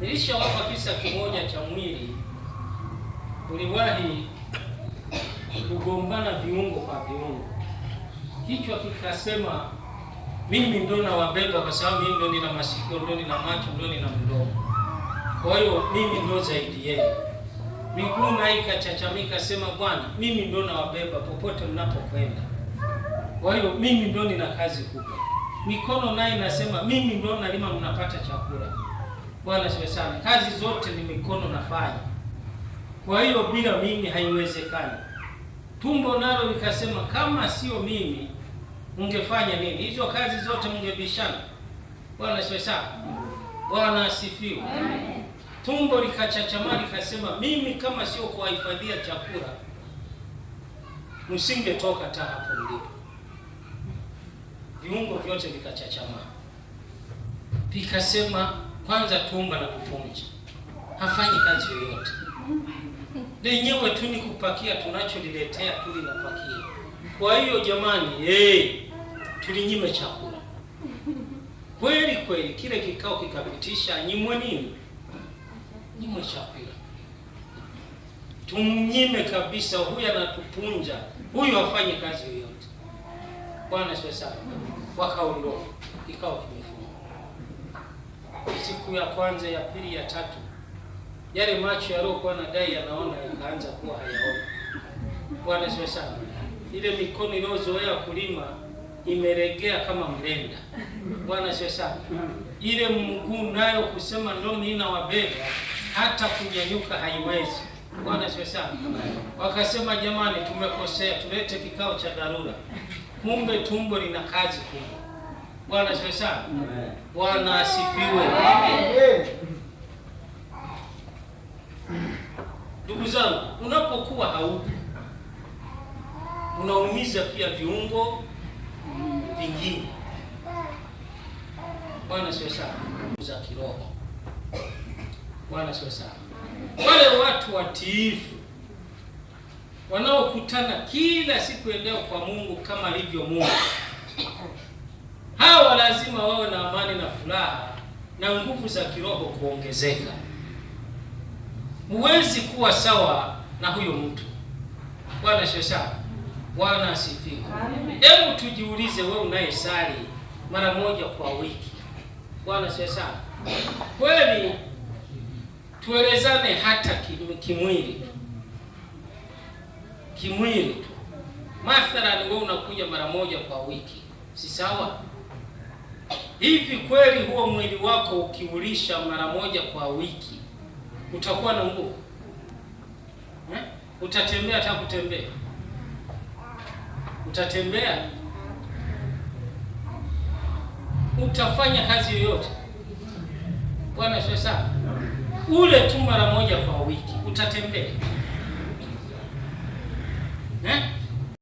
Nilishawapa kisa kimoja cha mwili uliwahi kugombana viungo kwa viungo, kichwa kikasema mimi ndo nawabeba kwa sababu mimi ndo nina masikio, ndo nina macho, ndo nina mdomo, kwa hiyo mimi ndo zaidi yeye. Miguu naye ikachachamika, sema Bwana, mimi ndo nawabeba popote mnapokwenda, kwa hiyo mimi ndo nina kazi kubwa. Mikono naye nasema mimi ndo nalima, mnapata chakula Bwana siwe sana. Kazi zote ni mikono nafanya, kwa hiyo bila mimi haiwezekani. Tumbo nalo likasema kama sio mimi ungefanya nini? Hizo kazi zote mngebishana. Bwana siwe sana. Bwana asifiwe. Tumbo likachachama likasema, mimi kama sio kuwahifadhia chakula msingetoka ta hapo mlipo. Viungo vyote vikachachama vikasema kwanza tumba na kupunja, hafanyi kazi yoyote, lenyewe tu ni kupakia, tunacholiletea tu linapakia. Kwa hiyo jamani, hey, eh, tulinyime chakula kweli kweli, kile kikao kikapitisha nyimwe nini, nyimwe chakula, tumnyime kabisa. Huyu anatupunja, huyu hafanyi kazi yoyote. Bwana sasa, wakaondoka, kikao kimefu siku ya kwanza, ya pili, ya tatu, yale macho yaliyokuwa na dai yanaona yakaanza kuwa hayaona. Bwana sio sana, ile mikono iliyozoea kulima imeregea kama mlenda. Bwana sio sana, ile mguu nayo kusema ndo nina wabeba hata kunyanyuka haiwezi. Bwana sio sana. Wakasema jamani, tumekosea, tulete kikao cha dharura. Kumbe tumbo lina kazi kubwa. Bwana asifiwe sana. Bwana asifiwe. Ndugu zangu, unapokuwa haupo unaumiza pia viungo vingine. Bwana asifiwe sana. Za kiroho. Bwana asifiwe sana. Wale watu watiifu wanaokutana kila siku endeo kwa Mungu kama alivyo Mungu lazima wawe na amani na furaha na nguvu za kiroho kuongezeka. Huwezi kuwa sawa na huyo mtu. Bwana shesha, Bwana asifiwe. Hebu tujiulize, wewe unayesali mara moja kwa wiki, Bwana shesha, kweli tuelezane, hata kimwili, kimwili tu. Mathalani wewe unakuja mara moja kwa wiki, si sawa? Hivi kweli huo mwili wako ukiulisha mara moja kwa wiki utakuwa na nguvu eh? Utatembea hata kutembea utatembea, utafanya kazi yoyote. Bwana sio ule tu mara moja kwa wiki utatembea eh?